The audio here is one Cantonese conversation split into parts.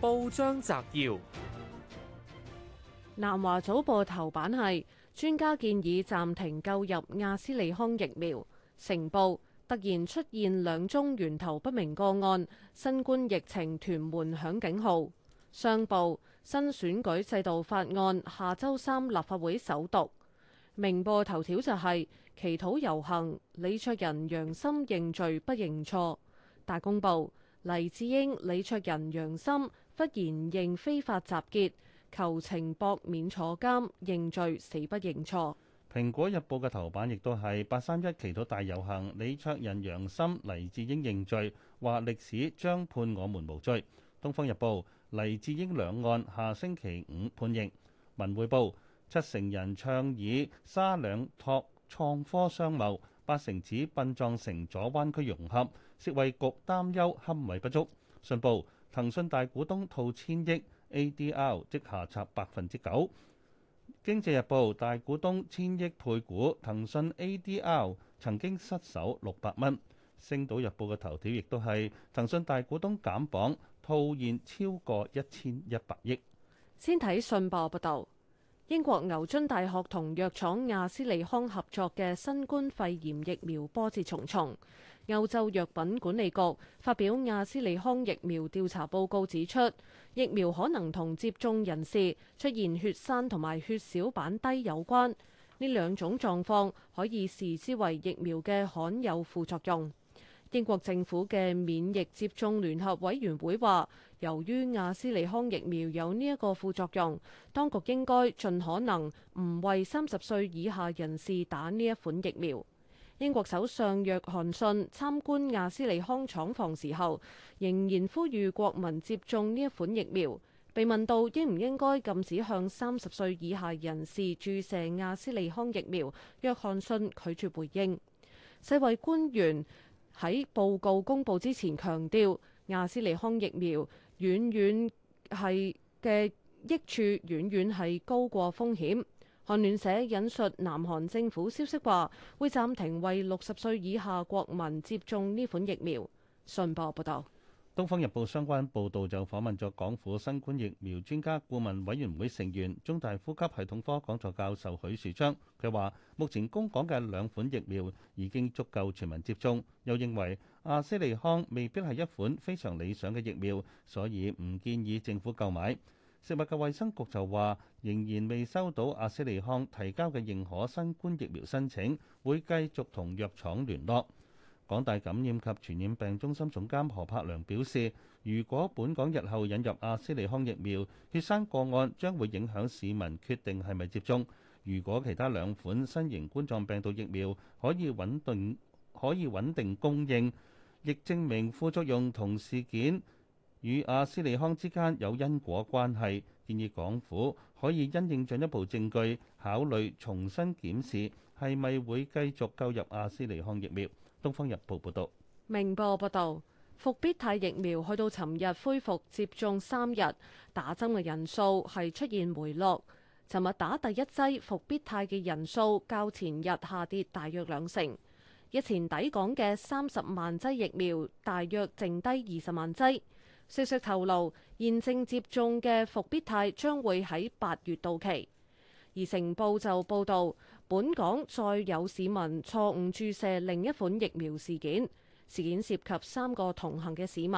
報章摘要：南華早報頭版係專家建議暫停購入阿斯利康疫苗。成報突然出現兩宗源頭不明個案，新冠疫情屯門響警號。商報新選舉制度法案下周三立法會首讀。明報頭條就係、是、祈禱遊行，李卓人楊森認罪不認錯。大公報黎智英李卓人楊森。楊不然認非法集結，求情博免坐監，認罪死不認錯。蘋果日報嘅頭版亦都係八三一祈禱大遊行，李卓人楊森、黎智英認罪，話歷史將判我們無罪。《東方日報，黎智英兩案下星期五判刑。文《文匯報，七成人倡議沙兩拓創科商貿，八成指殯葬城左灣區融合。食衛局擔憂龕位不足。《信報。騰訊大股東套千億 ADR 即下插百分之九。經濟日報大股東千億配股，騰訊 ADR 曾經失守六百蚊。星島日報嘅頭條亦都係騰訊大股東減磅，套現超過一千一百億。先睇信報報道，英國牛津大學同藥廠亞斯利康合作嘅新冠肺炎疫苗波折重重。歐洲藥品管理局發表亞斯利康疫苗調查報告，指出疫苗可能同接種人士出現血栓同埋血小板低有關，呢兩種狀況可以視之為疫苗嘅罕有副作用。英國政府嘅免疫接種聯合委員會話，由於亞斯利康疫苗有呢一個副作用，當局應該盡可能唔為三十歲以下人士打呢一款疫苗。英國首相約翰遜參觀亞斯利康廠房時候，仍然呼籲國民接種呢一款疫苗。被問到應唔應該禁止向三十歲以下人士注射亞斯利康疫苗，約翰遜拒絕回應。世衞官員喺報告公布之前強調，亞斯利康疫苗遠遠係嘅益處，遠遠係高過風險。韓聯社引述南韓政府消息話，會暫停為六十歲以下國民接種呢款疫苗。信報報道，《東方日報》相關報導就訪問咗港府新冠疫苗專家顧問委員會成員、中大呼吸系統科講座教授許樹昌，佢話：目前供港嘅兩款疫苗已經足夠全民接種。又認為阿斯利康未必係一款非常理想嘅疫苗，所以唔建議政府購買。食物及衛生局就話，仍然未收到阿斯利康提交嘅認可新冠疫苗申請，會繼續同藥廠聯絡。港大感染及傳染病中心總監何柏良表示，如果本港日後引入阿斯利康疫苗，血栓個案將會影響市民決定係咪接種。如果其他兩款新型冠狀病毒疫苗可以穩定可以穩定供應，亦證明副作用同事件，與阿斯利康之間有因果關係，建議港府可以因應進一步證據，考慮重新檢視係咪會繼續購入阿斯利康疫苗。《東方日報》報道：「明報報道，復必泰疫苗去到尋日恢復接種三日，打針嘅人數係出現回落。尋日打第一劑復必泰嘅人數較前日下跌大約兩成。日前抵港嘅三十萬劑疫苗，大約剩低二十萬劑。消息透露，現正接種嘅復必泰將會喺八月到期。而成報就報導，本港再有市民錯誤注射另一款疫苗事件。事件涉及三個同行嘅市民，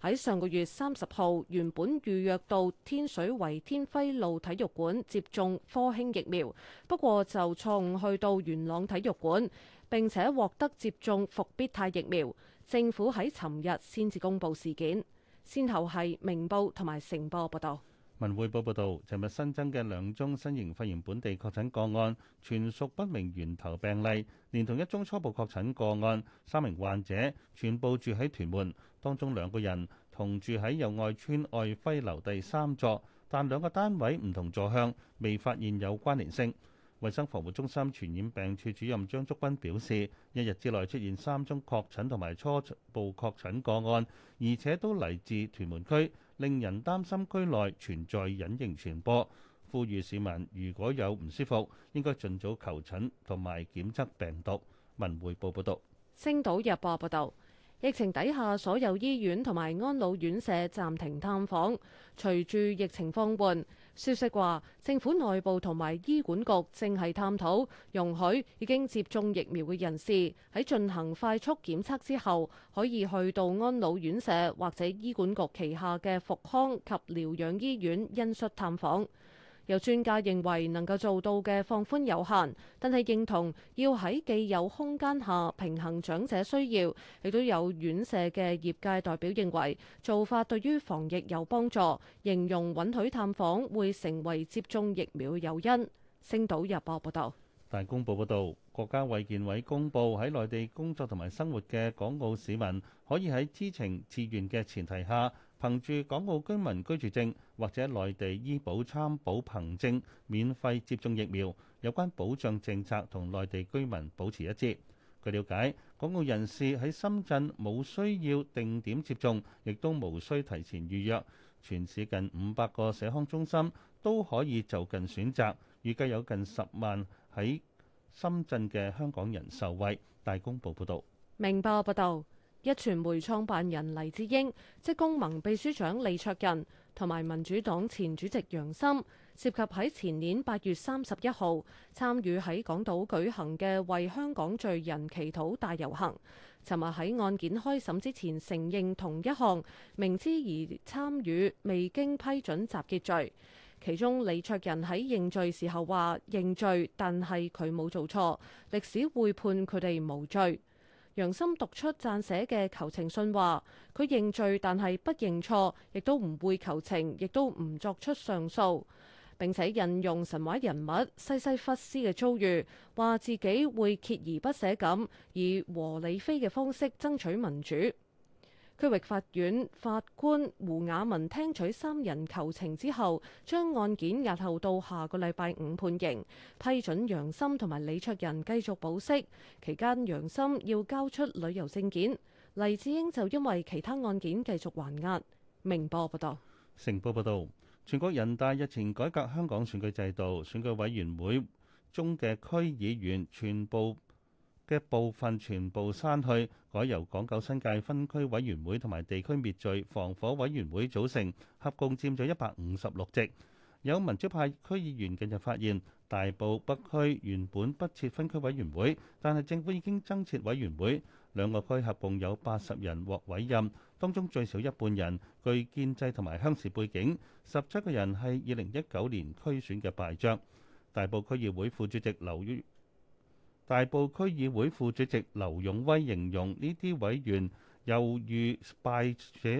喺上個月三十號原本預約到天水圍天輝路體育館接種科興疫苗，不過就錯誤去到元朗體育館，並且獲得接種復必泰疫苗。政府喺尋日先至公布事件。先頭係明報同埋成報報道。文匯報報道，尋日新增嘅兩宗新型肺炎本地確診個案，全屬不明源頭病例，連同一宗初步確診個案，三名患者全部住喺屯門，當中兩個人同住喺友愛邨愛輝樓第三座，但兩個單位唔同座向，未發現有關聯性。衛生防護中心傳染病處主任張竹君表示，一日之內出現三宗確診同埋初步確診個案，而且都嚟自屯門區，令人擔心區內存在隱形傳播。呼籲市民如果有唔舒服，應該盡早求診同埋檢測病毒。文匯報報道。《星島日報》報道。疫情底下，所有醫院同埋安老院舍暫停探訪。隨住疫情放緩，消息話政府內部同埋醫管局正係探討容許已經接種疫苗嘅人士喺進行快速檢測之後，可以去到安老院舍或者醫管局旗下嘅復康及療養醫院恩恤探訪。有專家認為能夠做到嘅放寬有限，但係認同要喺既有空間下平衡長者需要。亦都有院舍嘅業界代表認為做法對於防疫有幫助，形容允許探訪會成為接種疫苗誘因。星島日報報道，大公報報道，國家衛健委公佈喺內地工作同埋生活嘅港澳市民，可以喺知情自願嘅前提下，憑住港澳居民居住證或者內地醫保參保憑證，免費接種疫苗。有關保障政策同內地居民保持一致。據了解，港澳人士喺深圳冇需要定點接種，亦都無需提前預約。全市近五百個社康中心都可以就近選擇。預計有近十萬喺深圳嘅香港人受惠。大公報報導，明報報道。一傳媒創辦人黎智英、職工盟秘書長李卓人同埋民主黨前主席楊森，涉及喺前年八月三十一號參與喺港島舉行嘅為香港罪人祈禱大遊行。尋日喺案件開審之前承認同一項明知而參與未經批准集結罪。其中李卓人喺認罪時候話，認罪，但係佢冇做錯，歷史會判佢哋無罪。楊森讀出撰寫嘅求情信話，佢認罪但係不認錯，亦都唔會求情，亦都唔作出上訴，並且引用神話人物西西弗斯嘅遭遇，話自己會鍥而不捨咁，以和理非嘅方式爭取民主。區域法院法官胡雅文聽取三人求情之後，將案件押後到下個禮拜五判刑，批准楊森同埋李卓人繼續保釋，期間楊森要交出旅遊證件。黎智英就因為其他案件繼續還押。明報報道。成報報導，全國人大日前改革香港選舉制度，選舉委員會中嘅區議員全部嘅部分全部刪去，改由港九新界分區委員會同埋地區滅罪防火委員會組成，合共佔咗一百五十六席。有民主派區議員近日發現，大埔北區原本不設分區委員會，但係政府已經增設委員會。兩個區合共有八十人獲委任，當中最少一半人具建制同埋鄉事背景，十七個人係二零一九年區選嘅敗將。大埔區議會副主席劉於。大埔區議會副主席劉勇威形容呢啲委員猶如敗者，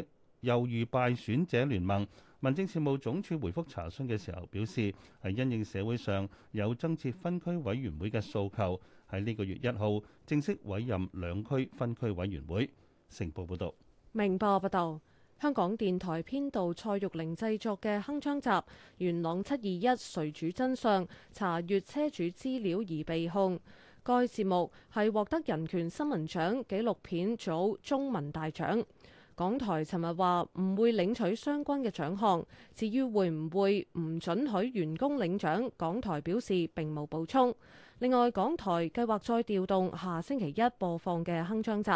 猶如敗選者聯盟。民政事務總署回覆查詢嘅時候表示，係因應社會上有增設分區委員會嘅訴求，喺呢個月一號正式委任兩區分區委員會。成報報道。明報報道，香港電台編導蔡玉玲製作嘅《鏗鏘集》：元朗七二一誰主真相？查閲車主資料而被控。該節目係獲得人權新聞獎紀錄片組中文大獎。港台尋日話唔會領取相關嘅獎項，至於會唔會唔準許員工領獎，港台表示並冇補充。另外，港台計劃再調動下星期一播放嘅《鏗鏘集》。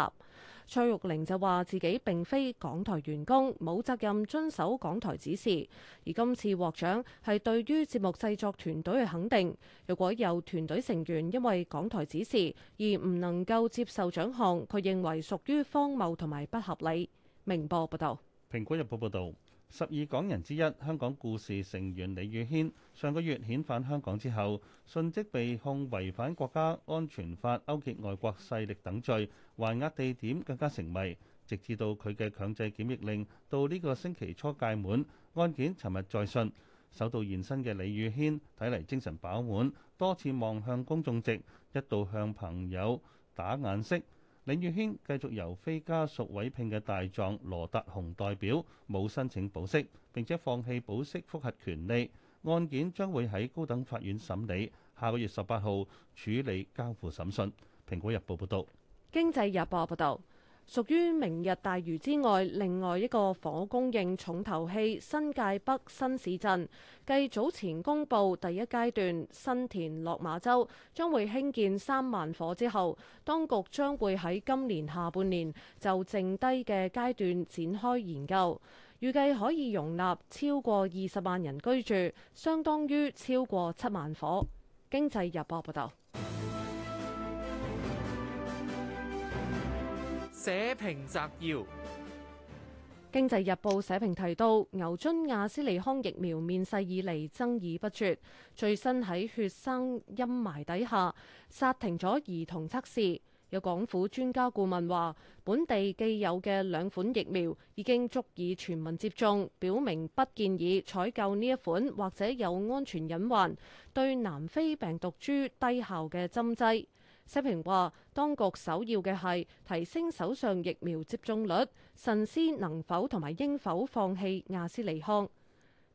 蔡玉玲就話：自己並非港台員工，冇責任遵守港台指示。而今次獲獎係對於節目製作團隊嘅肯定。如果有團隊成員因為港台指示而唔能夠接受獎項，佢認為屬於荒謬同埋不合理。明報報道，蘋果日報報道。十二港人之一，香港故事成員李宇軒上個月遣返香港之後，瞬即被控違反國家安全法、勾結外國勢力等罪，還押地點更加成謎，直至到佢嘅強制檢疫令到呢個星期初屆滿，案件尋日再訊。首度現身嘅李宇軒睇嚟精神飽滿，多次望向公眾席，一度向朋友打眼色。李宇軒繼續由非家屬委聘嘅大狀羅達雄代表，冇申請保釋，並且放棄保釋複核權利。案件將會喺高等法院審理，下個月十八號處理交付審訊。《蘋果日報》報導，《經濟日報》報道。屬於明日大嶼之外，另外一個火供應重頭戲新界北新市鎮，繼早前公布第一階段新田落馬洲將會興建三萬火之後，當局將會喺今年下半年就剩低嘅階段展開研究，預計可以容納超過二十萬人居住，相當於超過七萬火。經濟日報報道。社評摘要，《經濟日報》社評提到，牛津亞斯利康疫苗面世以嚟爭議不絕，最新喺血生陰霾底下殺停咗兒童測試。有港府專家顧問話，本地既有嘅兩款疫苗已經足以全民接種，表明不建議採購呢一款或者有安全隱患、對南非病毒株低效嘅針劑。社評話，當局首要嘅係提升手上疫苗接種率，慎思能否同埋應否放棄亞斯利康？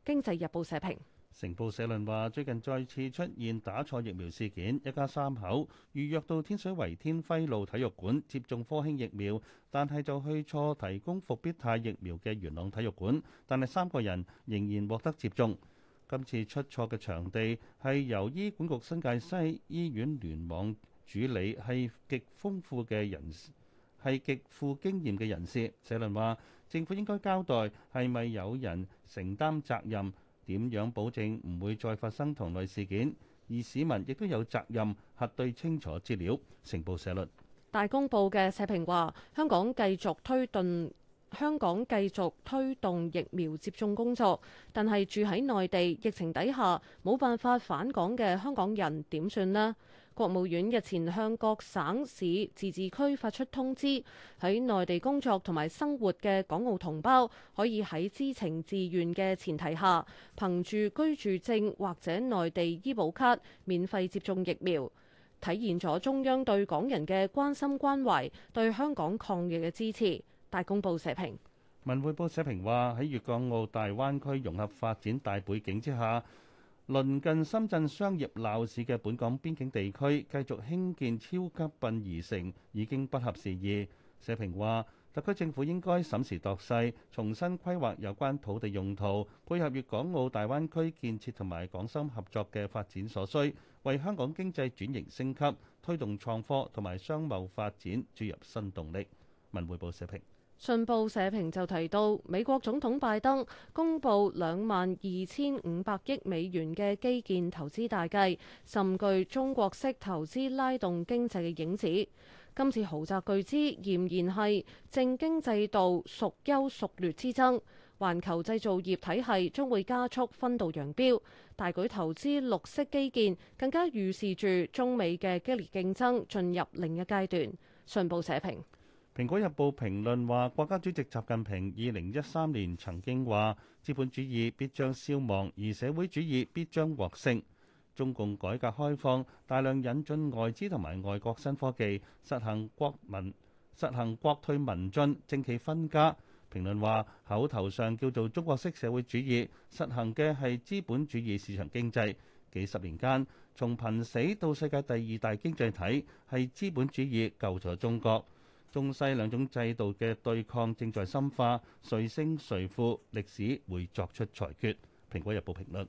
經濟日報社評。成報社論話，最近再次出現打錯疫苗事件，一家三口預約到天水圍天輝路體育館接種科興疫苗，但係就去錯提供復必泰疫苗嘅元朗體育館，但係三個人仍然獲得接種。今次出錯嘅場地係由醫管局新界西醫院聯網。處理係極豐富嘅人士，係極富經驗嘅人士。社論話：政府應該交代係咪有人承擔責任，點樣保證唔會再發生同類事件？而市民亦都有責任核對清楚資料。成報社論大公報嘅社評話：香港繼續推動，香港繼續推動疫苗接種工作，但係住喺內地疫情底下冇辦法返港嘅香港人點算呢？國務院日前向各省市自治區發出通知，喺內地工作同埋生活嘅港澳同胞，可以喺知情自願嘅前提下，憑住居住證或者內地醫保卡，免費接種疫苗，體現咗中央對港人嘅關心關懷，對香港抗疫嘅支持。大公報社評，文匯報社評話喺粵港澳大灣區融合發展大背景之下。鄰近深圳商業鬧市嘅本港邊境地區繼續興建超級殯儀城已經不合時宜。社評話，特區政府應該審時度勢，重新規劃有關土地用途，配合粵港澳大灣區建設同埋港深合作嘅發展所需，為香港經濟轉型升級、推動創科同埋商貿發展注入新動力。文匯報社評。信報社評就提到，美國總統拜登公佈兩萬二千五百億美元嘅基建投資大計，甚具中國式投資拉動經濟嘅影子。今次豪砸巨資，仍然係政經制度孰優孰劣之爭。環球製造業體系將會加速分道揚鑣，大舉投資綠色基建，更加預示住中美嘅激烈競爭進入另一階段。信報社評。《蘋果日報》評論話：國家主席習近平二零一三年曾經話，資本主義必將消亡，而社會主義必將獲勝。中共改革開放，大量引進外資同埋外國新科技，實行國民、實行國退民進、政企分家。評論話：口頭上叫做中國式社會主義，實行嘅係資本主義市場經濟。幾十年間，從瀕死到世界第二大經濟體，係資本主義救咗中國。中西兩種制度嘅對抗正在深化，誰勝誰負，歷史會作出裁決，蘋果日報評論。